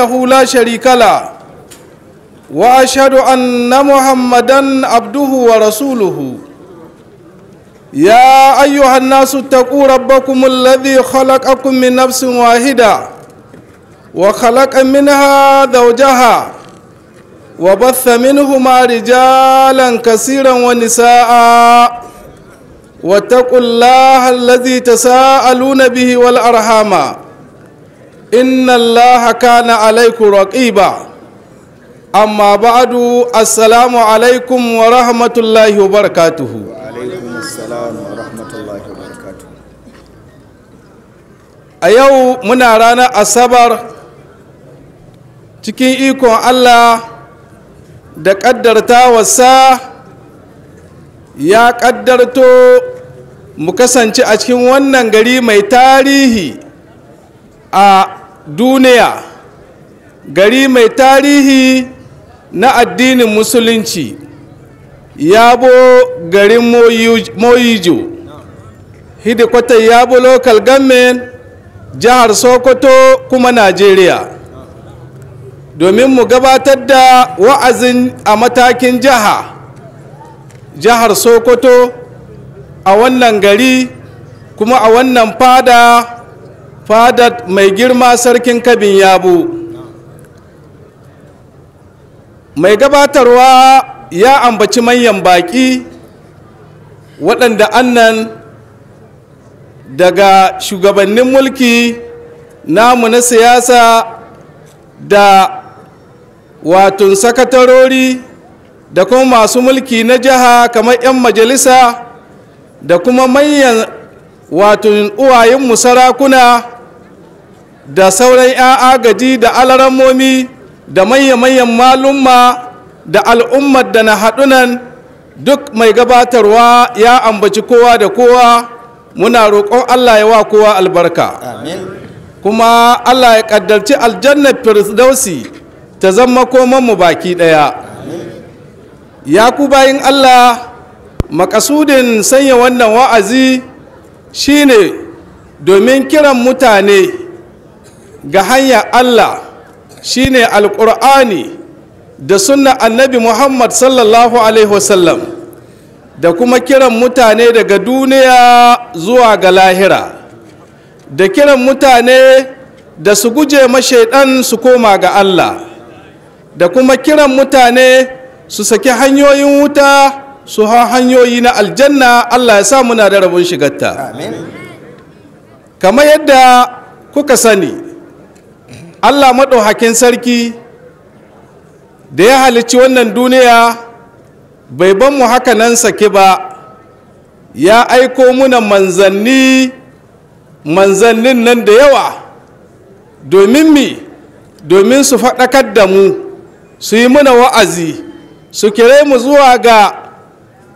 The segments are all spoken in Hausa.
وحده لا شريك له واشهد ان محمدا عبده ورسوله يا ايها الناس اتقوا ربكم الذي خلقكم من نفس واحده وخلق منها زوجها وبث منهما رجالا كثيرا ونساء واتقوا الله الذي تساءلون به والارحام inna allaha kana alaikum raqiba amma ba'du assalamu alaikum wa rahmatullahi wa barakatuhu a yau muna ranar asabar cikin ikon allah da ƙaddarta wasa ya ƙaddarto mu kasance a cikin wannan gari mai tarihi a duniya gari mai tarihi na addinin musulunci yabo garin moyijo ya yabo local government jihar sokoto kuma najeriya domin mu gabatar da wa'azin a matakin jiha jihar sokoto a wannan gari kuma a wannan fada fadat mai girma sarkin kabin yabo mai gabatarwa ya ambaci manyan baƙi waɗanda annan daga shugabannin mulki namu na siyasa da watun sakatarori da kuma masu mulki na jiha kamar 'yan majalisa da kuma manyan watun uwayenmu sarakuna da sauran ya agaji da alaramomi da manya-manyan malumma da al'ummar da na haɗunan duk mai gabatarwa ya ambaci kowa da kowa muna roƙon allah ya wa kowa albarka kuma allah ya ƙaddarci aljannar firdausi ta zama mu baki ɗaya ya ku bayin allah makasudin sanya wannan wa'azi shine domin kiran mutane ga hanya allah shine alƙur'ani da sunna annabi muhammad sallallahu alaihi wasallam da kuma kiran mutane daga duniya zuwa ga lahira da kiran mutane da su guje ɗan su koma ga allah da kuma kiran mutane su saki hanyoyin wuta su ha hanyoyi na aljanna allah ya sa muna da rabon shigarta kamar yadda kuka sani allah maɗauhakin sarki da ya halicci wannan duniya bai ban mu haka nan sake ba ya aiko muna manzanni manzannin nan da yawa domin mi domin su faɗakar da mu su yi muna wa'azi su kire mu zuwa ga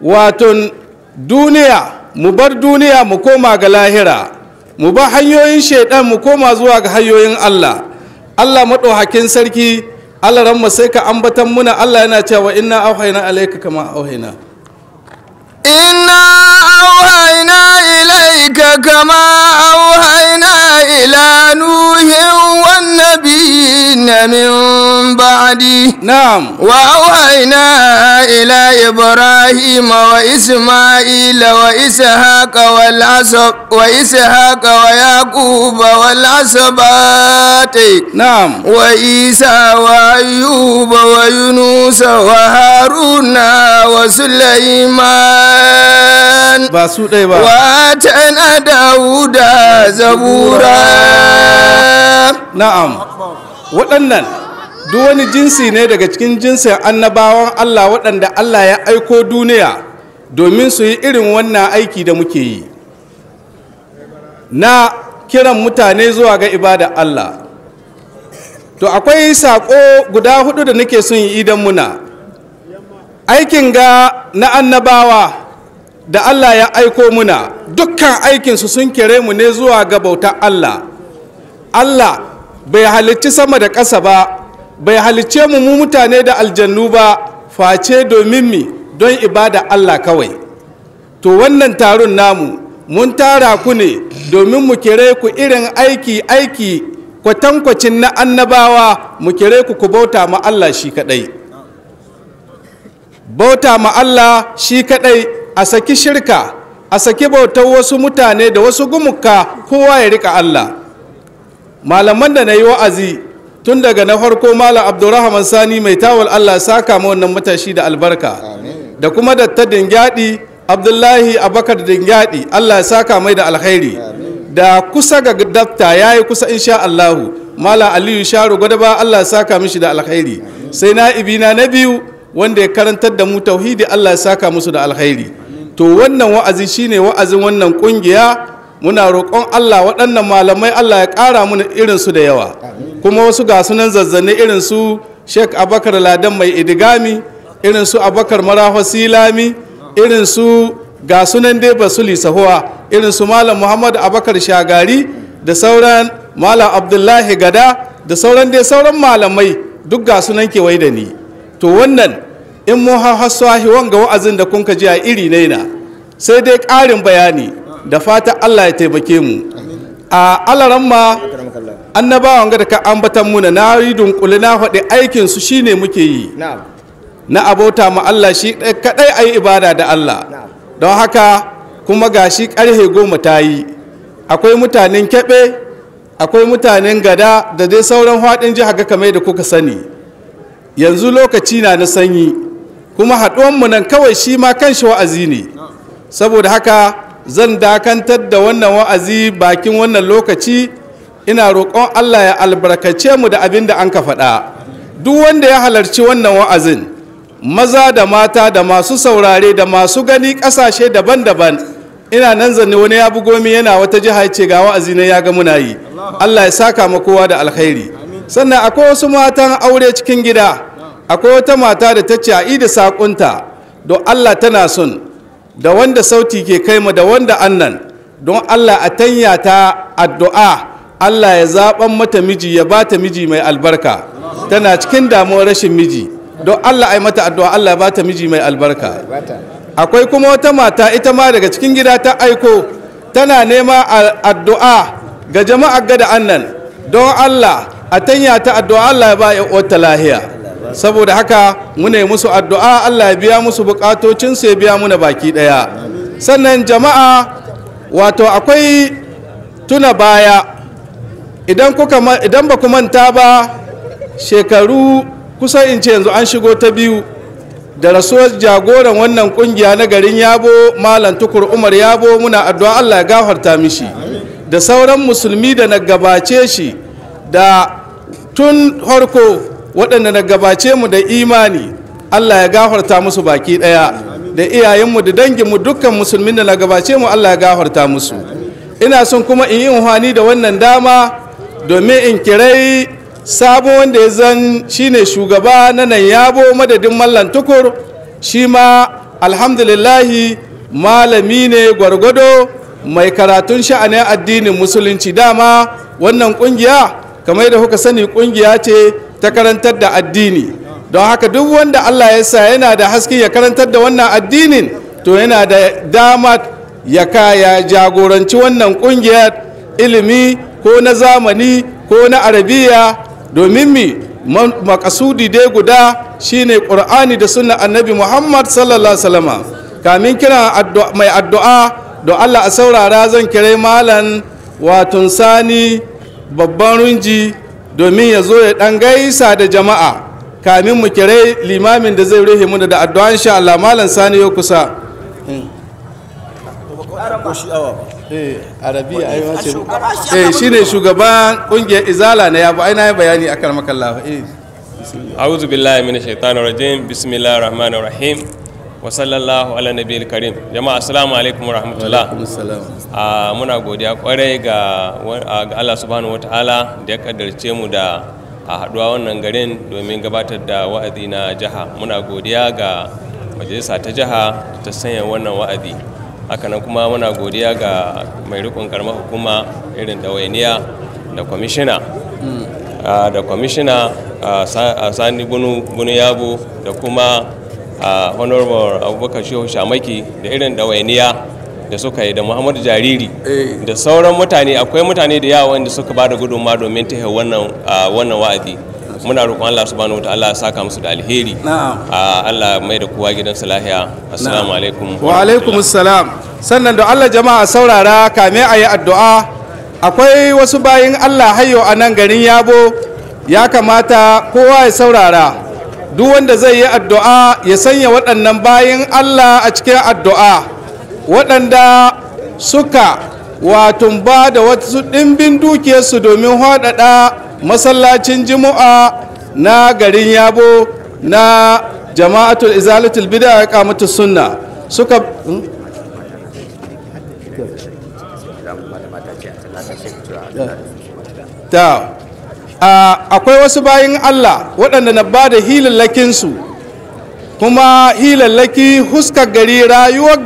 waton duniya mu bar duniya mu koma ga lahira mu ba hanyoyin shaidan mu koma zuwa ga hanyoyin allah Allah maɗauhakin sarki Allah ramma sai ka ambatan muna Allah yana cewa inna auhaina alaika kama auhaina inna auhaina ila إليك كما أوحينا إلى نوح والنبيين من بعده نعم وأوحينا إلى إبراهيم وإسماعيل وإسحاق والعصب وإسحاق ويعقوب والعصبات نعم وإيسى وأيوب ويونس وهارون وسليمان وآتينا na dauda zabura na'am waɗannan duk wani jinsi ne daga cikin jinsin annabawan Allah waɗanda Allah ya aiko duniya domin su yi irin wannan aiki da muke yi na kiran mutane zuwa ga ibada Allah to akwai saƙo guda hudu da nake son yi idan muna aikin ga na annabawa da Allah ya aiko muna dukkan aikinsu sun kere mu ne zuwa ga bautar Allah Allah bai halicci sama da ƙasa ba bai halicce mu mu mutane da aljannu ba face domin mi don ibada Allah kawai to wannan taron namu mun tara ku ne domin mu kere ku irin aiki aiki kwatankwacin na annabawa mu kere ku ku bauta ma Allah shi kadai bauta ma Allah shi kadai a saki shirka a saki bautar wasu mutane da wasu gumuka kowa ya rika Allah malaman da na yi wa'azi tun daga na farko malam abdurrahman sani mai tawal Allah saka ma wannan matashi da albarka da kuma da ta dingyadi abdullahi abakar dingyadi Allah saka mai da alkhairi da kusa ga dafta ya yi kusa insha Allahu mala aliyu sharu gwadaba Allah saka mishi da alkhairi sai na ibina na biyu wanda ya karantar da mu tauhidi Allah saka musu da alkhairi to wannan wa'azi shine wa'azin wannan ƙungiya, muna roƙon Allah waɗannan malamai Allah ya ƙara mana irin da yawa kuma wasu ga sunan zazzane irin su Abakar Ladan mai idigami irin su Abakar Maraho Silami irin su ga sunan dai Basuli Sahuwa irin su Malam Muhammad Abakar Shagari da sauran Malam Abdullahi Gada da sauran dai sauran malamai duk ga sunan kewai da ni to wannan in mun haswahi wanga wa'azin da kun ji a iri ne na sai dai ƙarin bayani da fata allah ya taimake mu a alaran ma annabawan ga da ka ambatan muna na yi dunkule na faɗi aikin su shine muke yi na abota ma allah shi kadai ayi ibada da allah don haka kuma gashi ƙarhe goma ta yi akwai mutanen keɓe akwai mutanen gada da dai sauran haɗin jiha ga kamar da kuka sani yanzu lokaci na na sanyi kuma mu nan kawai shi ma kanshi wa'azi ne saboda haka zan dakantar da wannan wa'azi bakin wannan lokaci ina roƙon allah ya albarkace mu da abin da an ka faɗa duk wanda ya halarci wannan wa'azin maza da mata da masu saurare da masu gani ƙasashe daban-daban ina nan zanne wani ya bugo min yana wata jiha ce ga wa'azi na ya ga muna yi allah ya saka ma kowa da alkhairi sannan akwai wasu matan aure cikin gida akwai wata mata da ta ce a da saƙunta don allah tana son da wanda sauti ke kai mu da wanda annan don allah a tanya ta addu'a allah ya zaɓan mata miji ya ba ta miji mai albarka tana cikin damuwar rashin miji don allah ai mata addu'a allah ya ba ta miji mai albarka akwai kuma wata mata ita ma daga cikin gida ta aiko tana nema addu'a ga jama'a gada annan don allah a tanya ta addu'a allah ya ba ya lahiya saboda haka muna musu addu'a Allah ya biya musu bukatocinsu ya biya muna baki ɗaya. sannan jama'a wato akwai tuna baya idan kuka idan ba ku manta ba shekaru kusan in ce yanzu an shigo ta biyu da rasuwar jagoran wannan kungiya na garin yabo malam tukur umar yabo muna addu'a Allah ya gafarta mishi da sauran musulmi da na gabace shi da tun harko waɗanda na gabace mu da imani Allah ya gafarta musu baki ɗaya da iyayenmu da danginmu dukkan musulmin da na gabace mu Allah ya gafarta musu ina son kuma in yi unhwani da wannan dama domin in kirai sabo wanda ya zan shine shugaba na nan yabo madadin mallan tukur shi ma alhamdulillahi malami ne gwargwado mai karatun sha'anin addinin musulunci dama wannan kungiya kamar da kuka sani kungiya ce ta karantar da addini don haka duk wanda Allah ya sa yana da haske ya karantar da wannan addinin to yana da dama ya kaya jagoranci wannan kungiyar ilimi ko na zamani ko na arabiya domin mi makasudi dai guda shine qur'ani da sunna annabi muhammad sallallahu alaihi kamin kira mai addu'a don allah a saurara zan kira malam watun sani babban runji domin ya zo ya ɗan gaisa da jama'a kamin mu kire limamin da zai rufe mu da addu'an sha Allah malam sani ya kusa eh shine eh, shugaban kungiyar izala na yabo ai na bayani akan makallahu eh a'udhu billahi minash shaitanir rajim bismillahir rahmanir rahim wa sallallahu ala nabiyil karim jama'a assalamu alaikum a ah, muna godiya kwarai ga ah, Allah subhanahu Ta'ala. da ya kaddarce mu da a ah, haduwa wannan garin domin gabatar da wa'azi na jiha muna godiya ga majalisa ta jiha ta sanya wannan wa'azi hakanan kuma muna godiya ga mai rikon karma hukuma irin ɗawainiya da kwamishina hmm. da kwamishina sani bunu yabo da kuma a honorable abubakar shehu shamaki da irin dawainiya da suka yi da muhammadu jariri eh. da sauran mutane akwai mutane da yawa wanda suka bada da gudunma domin ta wannan wannan wa'azi muna roƙon Allah subhanahu Allah ya saka musu da alheri Allah mai da kowa gidan salahiya assalamu alaikum wa alaikum assalam sannan da Allah jama'a saurara kame a yi addu'a akwai wasu bayin Allah hayo a nan garin yabo ya kamata kowa ya saurara duk wanda zai yi addu'a ya sanya waɗannan bayan Allah a cikin addu'a waɗanda suka watun ba da wasu ɗimbin dukiyarsu domin haɗaɗa masallacin jimu'a na garin yabo na jama'atul izalatul bida ya kamata sunna suka hmm? ta akwai wasu bayan allah waɗanda na ba da hilallakinsu kuma hilallaki huskar gari rayuwar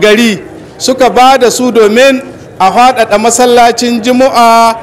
gari suka ba da su domin a faɗaɗa masallacin jimu'a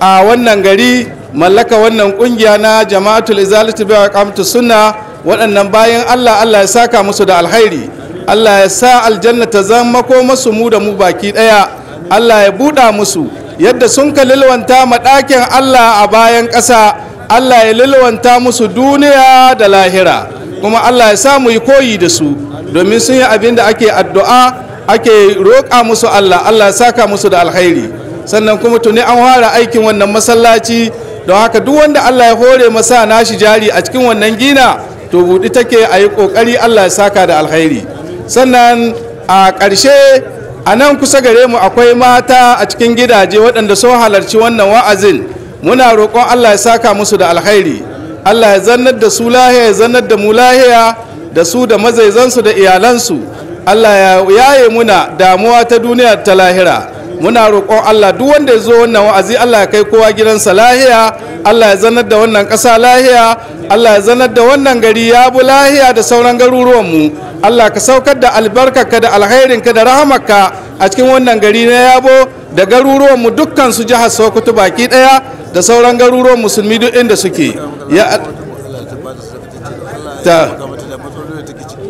a wannan gari mallaka wannan ƙungiya na jama'atul izalatu wa kamtu suna waɗannan bayan allah allah ya saka musu da alhairi allah ya sa aljanna ta zama ko masu mu da mu baki ɗaya allah ya buɗa musu yadda sun ka lilwanta maɗakin Allah a bayan ƙasa Allah ya lilwanta musu duniya da lahira kuma Allah ya samu yi koyi da su domin sun yi abin da ake addu'a ake roƙa musu Allah Allah ya saka musu da alkhairi sannan kuma tuni an fara aikin wannan masallaci don haka duk wanda Allah ya hore masa nashi jari a cikin wannan gina to buɗi take a yi ƙoƙari Allah ya saka da alkhairi sannan a ƙarshe a nan kusa gare mu akwai mata a cikin gidaje waɗanda sun halarci wannan wa'azin muna roƙon allah ya saka musu da alkhairi allah ya zannar da su lahiya ya zannar da mu lahiya da su da mazaizansu da iyalansu allah ya yaye muna damuwa ta duniya ta lahira muna roƙon allah duk wanda ya zo wannan wa'azi allah ya kai kowa gidansa lahiya allah ya zannar da wannan ƙasa lahiya allah ya zannar da wannan gari ya bu lahiya da sauran garuruwanmu Allah ka saukar da albarkarka da alhairinka da rahamarka a cikin wannan gari na yabo da garuruwan mu dukkan su jihar Sokoto baki daya da sauran garuruwan musulmi duk inda suke ya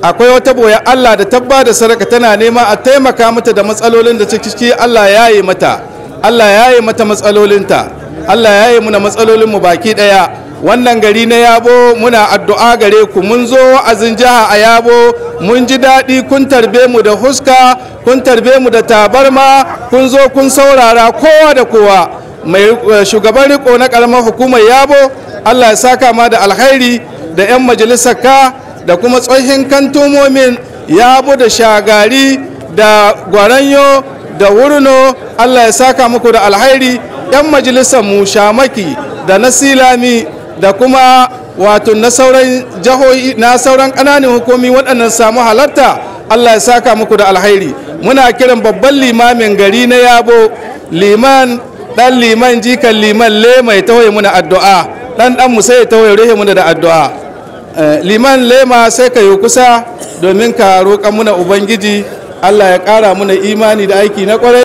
akwai wata boye Allah da tabba da saraka tana nema a taimaka mata da matsalolin da ciki Allah ya yi mata Allah ya yi mata matsalolinta Allah ya yi muna matsalolinmu baki daya wannan gari na yabo muna addu'a gare ku mun zo azin jiha a yabo mun ji daɗi kun tarbe mu da huska kun tarbe mu da tabarma kun zo kun saurara kowa da kowa mai eh, shugaban riko na ƙaramar hukumar yabo allah ya saka ma da alkhairi da 'yan majalisar ka da kuma tsohin kantomomin yabo da shagari da gwaranyo da wurno allah ya saka muku da alhairi 'yan majalisar mu shamaki da na silami da kuma wato na sauran jihohi na sauran ƙananan hukumi waɗannan samu halarta Allah ya saka muku da alhairi muna kiran babban limamin gari na yabo liman dan liman jikan liman le mai tawaye muna addu'a dan dan mu sai tawaye rehe muna da addu'a eh, liman lema sai ka yi kusa domin ka roƙa muna ubangiji Allah ya ƙara muna imani da aiki na ƙwarai